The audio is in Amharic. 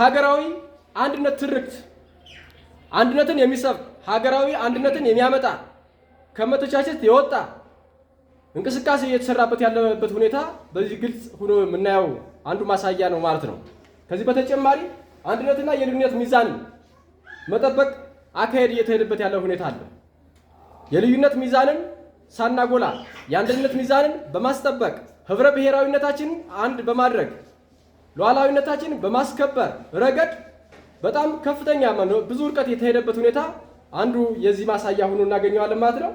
ሀገራዊ አንድነት ትርክት አንድነትን የሚሰብ ሀገራዊ አንድነትን የሚያመጣ ከመተቻቸት የወጣ እንቅስቃሴ እየተሰራበት ያለበት ሁኔታ በዚህ ግልጽ ሆኖ የምናየው አንዱ ማሳያ ነው ማለት ነው። ከዚህ በተጨማሪ አንድነትና የልዩነት ሚዛን መጠበቅ አካሄድ እየተሄደበት ያለ ሁኔታ አለ። የልዩነት ሚዛንን ሳናጎላ የአንድነት ሚዛንን በማስጠበቅ ህብረ ብሔራዊነታችን አንድ በማድረግ ሉዓላዊነታችን በማስከበር ረገድ በጣም ከፍተኛ ብዙ እርቀት የተሄደበት ሁኔታ አንዱ የዚህ ማሳያ ሆኖ እናገኘዋለን ማለት ነው።